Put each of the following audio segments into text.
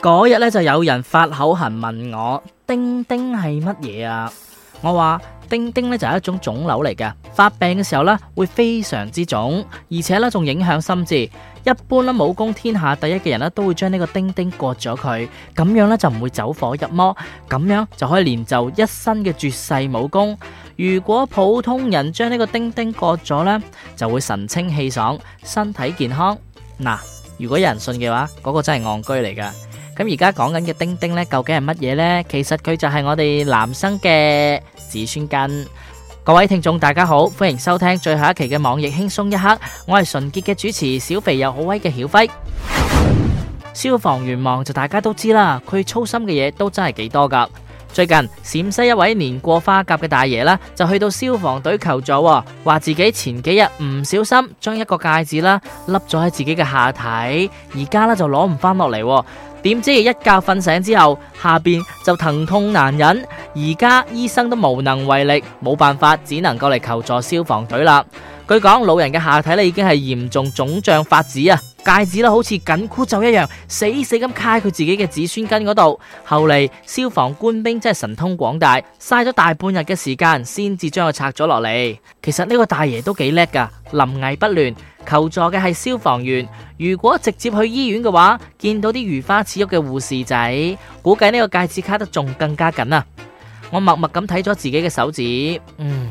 嗰日呢就有人發口痕問我：丁丁係乜嘢啊？我話丁丁呢就係一種腫瘤嚟嘅，發病嘅時候呢會非常之腫，而且呢仲影響心智。一般呢武功天下第一嘅人呢都會將呢個丁丁割咗佢，咁樣呢就唔會走火入魔，咁樣就可以練就一身嘅絕世武功。如果普通人將呢個丁丁割咗呢，就會神清氣爽，身體健康嗱。如果有人信嘅話，嗰個真係戇居嚟噶。咁而家講緊嘅丁丁呢，究竟係乜嘢呢？其實佢就係我哋男生嘅子孫根。各位聽眾大家好，歡迎收聽最後一期嘅網易輕鬆一刻，我係純潔嘅主持小肥又好威嘅曉輝。消防員望就大家都知啦，佢操心嘅嘢都真係幾多噶。最近陝西一位年過花甲嘅大爺啦，就去到消防隊求助，話自己前幾日唔小心將一個戒指啦，笠咗喺自己嘅下體，而家啦就攞唔翻落嚟。點知一覺瞓醒之後，下邊就疼痛難忍，而家醫生都無能為力，冇辦法只能夠嚟求助消防隊啦。據講，老人嘅下體咧已經係嚴重腫脹發紫啊！戒指啦，好似緊箍咒一樣，死死咁卡喺佢自己嘅子孫根嗰度。後嚟消防官兵真係神通廣大，嘥咗大半日嘅時間，先至將佢拆咗落嚟。其實呢個大爺都幾叻噶，臨危不亂，求助嘅係消防員。如果直接去醫院嘅話，見到啲如花似玉嘅護士仔，估計呢個戒指卡得仲更加緊啊！我默默咁睇咗自己嘅手指，嗯，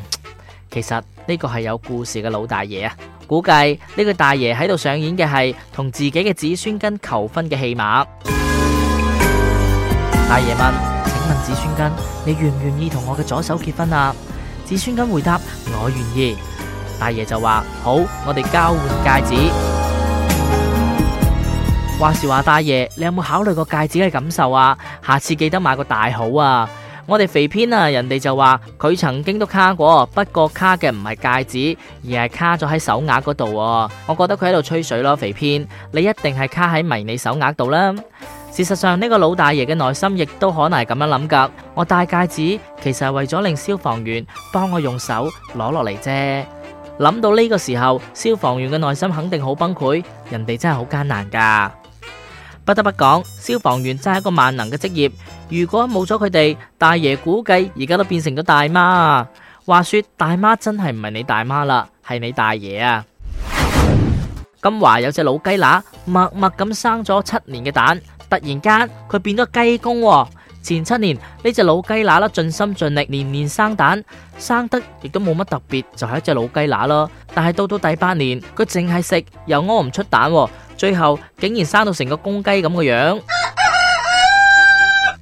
其實呢個係有故事嘅老大爺啊。估計呢個大爺喺度上演嘅係同自己嘅子孫根求婚嘅戲碼。大爺問：請問子孫根，你願唔願意同我嘅左手結婚啊？子孫根回答：我願意。大爺就話：好，我哋交換戒指。話時話，大爺，你有冇考慮過戒指嘅感受啊？下次記得買個大好啊！我哋肥編啊，人哋就話佢曾經都卡過，不過卡嘅唔係戒指，而係卡咗喺手鐲嗰度啊！我覺得佢喺度吹水咯，肥編，你一定係卡喺迷你手鐲度啦。事實上呢個老大爺嘅內心亦都可能係咁樣諗噶。我戴戒指其實係為咗令消防員幫我用手攞落嚟啫。諗到呢個時候，消防員嘅內心肯定好崩潰，人哋真係好艱難噶。不得不講，消防員真係一個萬能嘅職業。如果冇咗佢哋，大爺估計而家都變成咗大媽啊！話說大媽真係唔係你大媽啦，係你大爺啊！ 金華有隻老雞乸，默默咁生咗七年嘅蛋，突然間佢變咗雞公喎。前七年呢隻老雞乸啦，盡心盡力年年生蛋，生得亦都冇乜特別，就係、是、一隻老雞乸咯。但係到到第八年，佢淨係食又屙唔出蛋，最後竟然生到成個公雞咁嘅樣。啊啊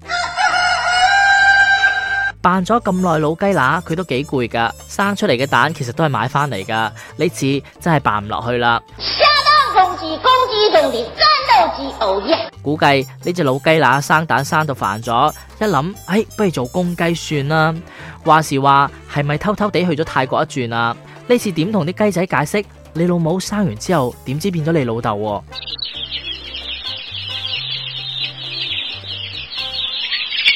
啊、扮咗咁耐老雞乸，佢都幾攰噶。生出嚟嘅蛋其實都係買翻嚟噶，呢次真係扮唔落去啦。啊啊公雞，公雞，公雞中的戰鬥機，哦耶。估計呢隻老雞乸生蛋生到煩咗，一諗，唉、哎，不如做公雞算啦。話時話，係咪偷偷地去咗泰國一轉啊？呢次點同啲雞仔解釋？你老母生完之後，點知變咗你老豆、啊？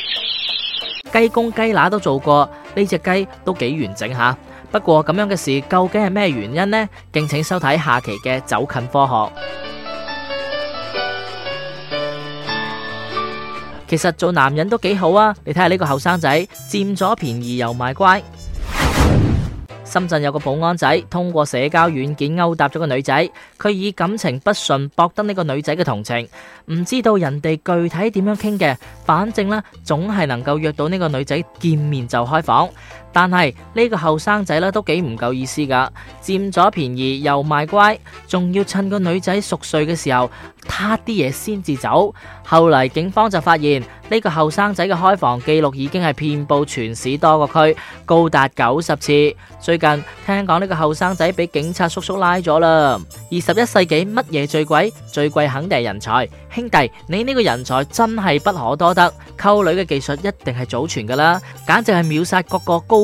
雞公雞乸都做過，呢隻雞都幾完整吓、啊。不過咁樣嘅事究竟係咩原因呢？敬請收睇下期嘅走近科學。其實做男人都幾好啊！你睇下呢個後生仔，佔咗便宜又賣乖。深圳有個保安仔通過社交軟件勾搭咗個女仔，佢以感情不順博得呢個女仔嘅同情，唔知道人哋具體點樣傾嘅，反正呢，總係能夠約到呢個女仔見面就開房。但係呢個後生仔啦，都幾唔夠意思噶，佔咗便宜又賣乖，仲要趁個女仔熟睡嘅時候，撻啲嘢先至走。後嚟警方就發現呢個後生仔嘅開房記錄已經係遍布全市多個區，高達九十次。最近聽講呢個後生仔俾警察叔叔拉咗啦。二十一世紀乜嘢最貴？最貴肯定係人才。兄弟，你呢個人才真係不可多得，溝女嘅技術一定係祖傳噶啦，簡直係秒殺各個高。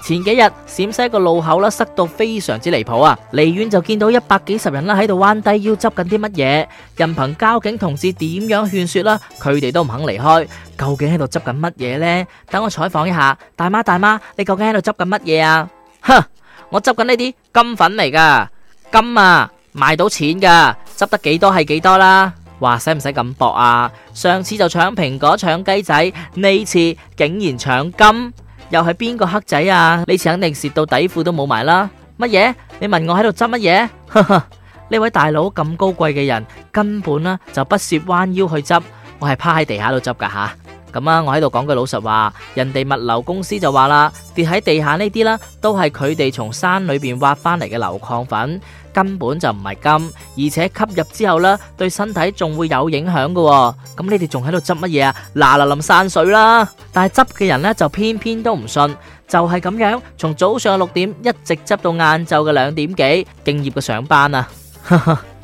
前幾日陝西個路口啦，塞到非常之離譜啊！離遠就見到一百幾十人啦喺度彎低腰執緊啲乜嘢，任憑交警同志點樣勸說啦，佢哋都唔肯離開。究竟喺度執緊乜嘢呢？等我採訪一下，大媽大媽，你究竟喺度執緊乜嘢啊？哼，我執緊呢啲金粉嚟噶，金啊，賣到錢噶，執得幾多係幾多啦，啊？哇，使唔使咁搏啊？上次就搶蘋果搶雞仔，呢次竟然搶金！又係邊個黑仔啊？你肯定蝕到底褲都冇埋啦！乜嘢？你問我喺度執乜嘢？ 呢位大佬咁高貴嘅人，根本啦就不屑彎腰去執，我係趴喺地下度執噶吓。咁啊！我喺度講句老實話，人哋物流公司就話啦，跌喺地下呢啲啦，都係佢哋從山裏邊挖翻嚟嘅硫礦粉，根本就唔係金，而且吸入之後呢，對身體仲會有影響嘅。咁你哋仲喺度執乜嘢啊？嗱嗱淋散水啦！但係執嘅人呢，就偏偏都唔信，就係咁樣，從早上六點一直執到晏晝嘅兩點幾，敬業嘅上班啊！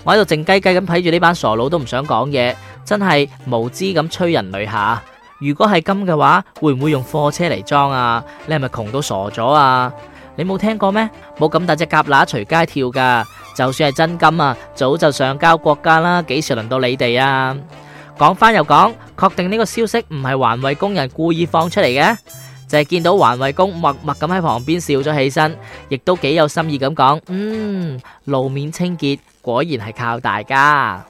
我喺度靜雞雞咁睇住呢班傻佬，都唔想講嘢，真係無知咁催人淚下。如果係金嘅話，會唔會用貨車嚟裝啊？你係咪窮到傻咗啊？你冇聽過咩？冇咁大隻蛤乸隨街跳噶。就算係真金啊，早就上交國家啦。幾時輪到你哋啊？講返又講，確定呢個消息唔係環衛工人故意放出嚟嘅，就係見到環衛工默默咁喺旁邊笑咗起身，亦都幾有心意咁講。嗯，路面清潔果然係靠大家。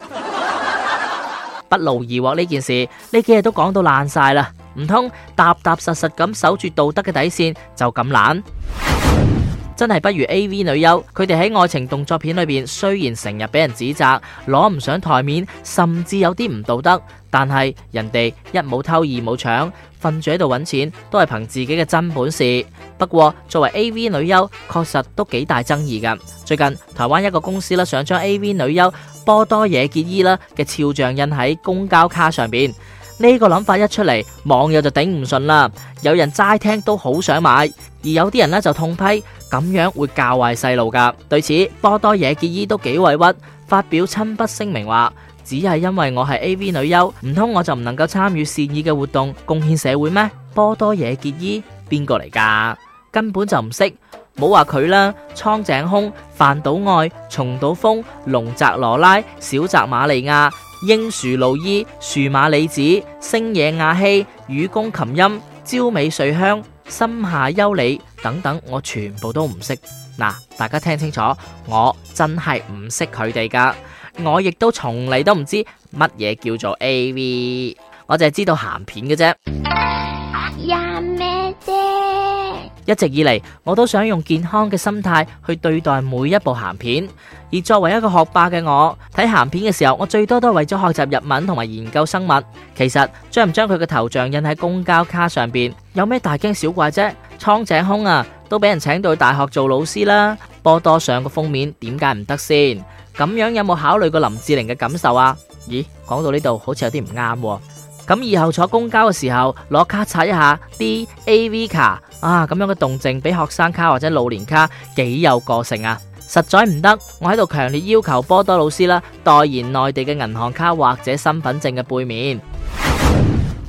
不勞而獲呢件事，呢幾日都講到爛晒啦！唔通踏踏實實咁守住道德嘅底線就咁懶？ 真係不如 AV 女優，佢哋喺愛情動作片裏邊，雖然成日俾人指責，攞唔上台面，甚至有啲唔道德，但係人哋一冇偷，二冇搶。瞓住喺度揾錢，都係憑自己嘅真本事。不過作為 A V 女優，確實都幾大爭議噶。最近台灣一個公司咧，想將 A V 女優波多野結衣啦嘅肖像印喺公交卡上邊，呢個諗法一出嚟，網友就頂唔順啦。有人齋聽都好想買，而有啲人咧就痛批，咁樣會教壞細路噶。對此，波多野結衣都幾委屈，發表親筆聲明話。只係因為我係 A.V 女優，唔通我就唔能夠參與善意嘅活動，貢獻社會咩？波多野結衣邊個嚟噶？根本就唔識，冇話佢啦。蒼井空、飯島愛、松島楓、龍澤羅拉、小澤瑪利亞、櫻樹露依、樹馬里子、星野亞希、雨宮琴音、朝美穗香、森下優里等等，我全部都唔識。嗱，大家聽清楚，我真係唔識佢哋噶。我亦都從嚟都唔知乜嘢叫做 AV，我淨係知道鹹片嘅啫。一直以嚟，我都想用健康嘅心態去對待每一部鹹片。而作為一個學霸嘅我，睇鹹片嘅時候，我最多都係為咗學習日文同埋研究生物。其實將唔將佢嘅頭像印喺公交卡上邊，有咩大驚小怪啫？蒼井空啊，都俾人請到去大學做老師啦。波多上個封面點解唔得先？咁樣有冇考慮過林志玲嘅感受啊？咦，講到呢度好似有啲唔啱。咁以後坐公交嘅時候攞卡刷一下 D A V 卡啊，咁樣嘅動靜比學生卡或者老年卡幾有個性啊？實在唔得，我喺度強烈要求波多老師啦，代言內地嘅銀行卡或者身份證嘅背面。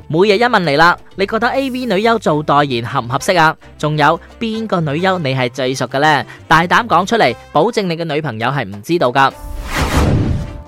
每日一問嚟啦，你覺得 AV 女優做代言合唔合適啊？仲有邊個女優你係最熟嘅呢？大膽講出嚟，保證你嘅女朋友係唔知道噶。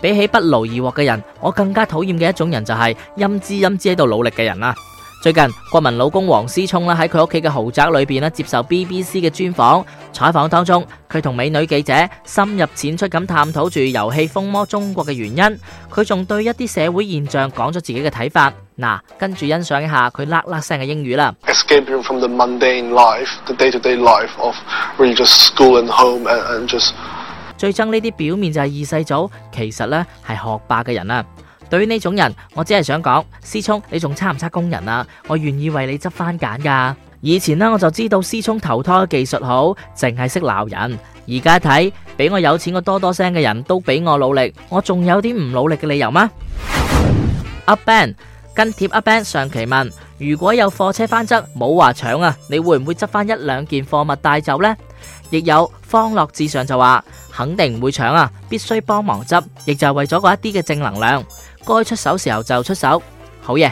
比起不勞而獲嘅人，我更加討厭嘅一種人就係陰知陰知喺度努力嘅人啊。最近國民老公王思聰啦喺佢屋企嘅豪宅裏邊啦，接受 BBC 嘅專訪。採訪當中，佢同美女記者深入淺出咁探討住遊戲風靡中國嘅原因。佢仲對一啲社會現象講咗自己嘅睇法。嗱，跟住欣賞一下佢啦啦聲嘅英語啦。Escape from the mundane life, the day-to-day life of really just school and home and just 最憎呢啲表面就係二世祖，其實呢係學霸嘅人啦。對於呢種人，我只係想講，思聰你仲差唔差工人啊？我願意為你執翻揀噶。以前呢，我就知道思聰投胎嘅技術好，淨係識鬧人。而家睇俾我有錢過我多多聲嘅人都俾我努力，我仲有啲唔努力嘅理由嗎？阿 Ben。跟帖阿 Ben 上期問，如果有貨車翻側冇話搶啊，你會唔會執翻一兩件貨物帶走呢？亦有方樂至上就話肯定唔會搶啊，必須幫忙執，亦就係為咗嗰一啲嘅正能量，該出手時候就出手，好嘢。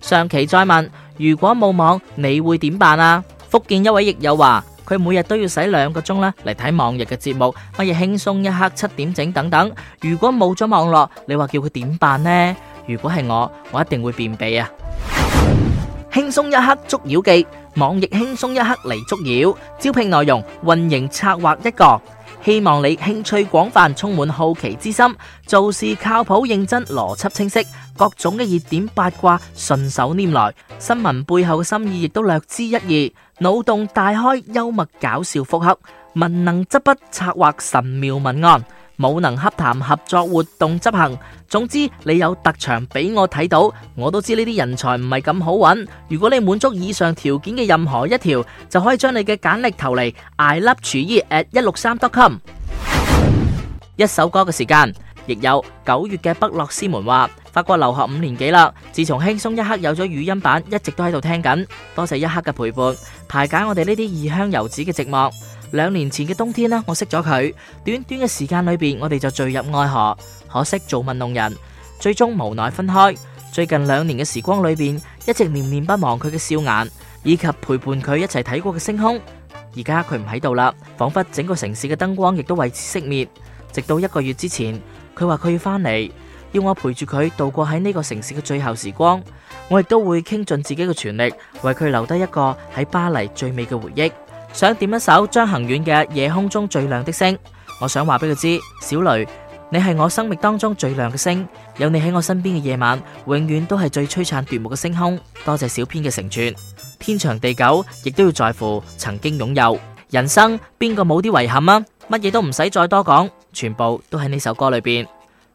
上期再問，如果冇網你會點辦啊？福建一位亦友話，佢每日都要使兩個鐘啦嚟睇網易嘅節目，乜嘢輕鬆一刻七點整等等。如果冇咗網絡，你話叫佢點辦呢？如果係我，我一定會便秘啊！輕鬆一刻捉妖記，網易輕鬆一刻嚟捉妖。招聘內容：運營策劃一個，希望你興趣廣泛，充滿好奇之心，做事靠譜認真，邏輯清晰，各種嘅熱點八卦順手拈來，新聞背後嘅心意亦都略知一二，腦洞大開，幽默搞笑，複合文能執筆策劃神妙文案。冇能洽談合作活動執行，總之，你有特長俾我睇到，我都知呢啲人才唔係咁好揾。如果你滿足以上條件嘅任何一條，就可以將你嘅簡歷投嚟 I love 廚衣 at 一六三 dotcom。 一首歌嘅時間，亦有九月嘅北洛斯門話，法國留學五年幾啦。自從輕鬆一刻有咗語音版，一直都喺度聽緊，多謝一刻嘅陪伴，排解我哋呢啲異鄉游子嘅寂寞。兩年前嘅冬天啦，我識咗佢，短短嘅時間裏邊，我哋就墜入愛河。可惜造物弄人，最終無奈分開。最近兩年嘅時光裏邊，一直念念不忘佢嘅笑顏，以及陪伴佢一齊睇過嘅星空。而家佢唔喺度啦，仿佛整個城市嘅燈光亦都為之熄滅。直到一個月之前，佢話佢要返嚟，要我陪住佢度過喺呢個城市嘅最後時光。我亦都會傾盡自己嘅全力，為佢留低一個喺巴黎最美嘅回憶。想點一首張恆遠嘅《夜空中最亮的星》，我想話俾佢知，小雷，你係我生命當中最亮嘅星，有你喺我身邊嘅夜晚，永遠都係最璀璨奪目嘅星空。多謝小編嘅成全，天長地久，亦都要在乎曾經擁有。人生邊個冇啲遺憾啊？乜嘢都唔使再多講，全部都喺呢首歌裏邊。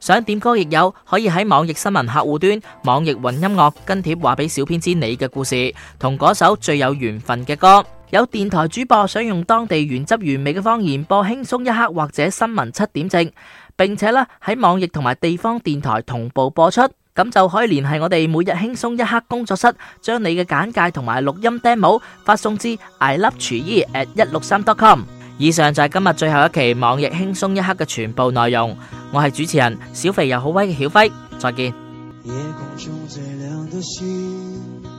想點歌亦有，可以喺網易新聞客戶端、網易雲音樂跟帖話俾小編知你嘅故事同嗰首最有緣分嘅歌。。有電台主播想用當地原汁原味嘅方言播《輕鬆一刻》或者《新聞七點正》，並且咧喺網易同埋地方電台同步播出。咁就可以聯繫我哋每日輕鬆一刻工作室，將你嘅簡介同埋錄音 demo 發送至 i love 廚衣 at 一六三 .com。以上就係今日最後一期網易輕鬆一刻嘅全部內容。我係主持人小肥又好威嘅曉輝，再見。夜空中最亮的星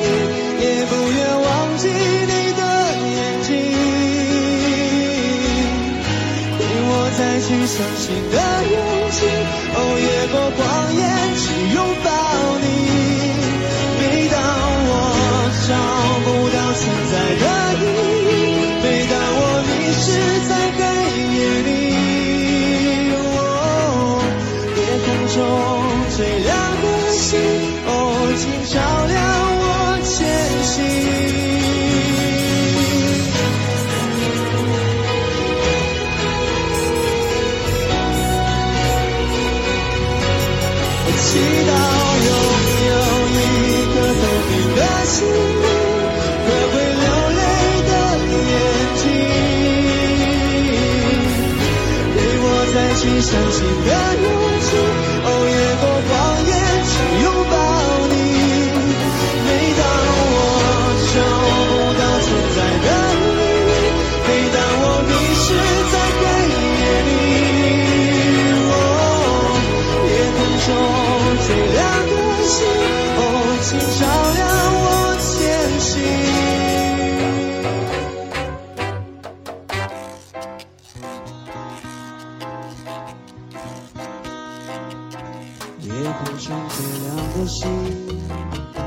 相信的勇氣哦，越過謊言去擁抱。 和會，會流淚的眼睛，給我再去相信的勇氣。夜空中最亮的星。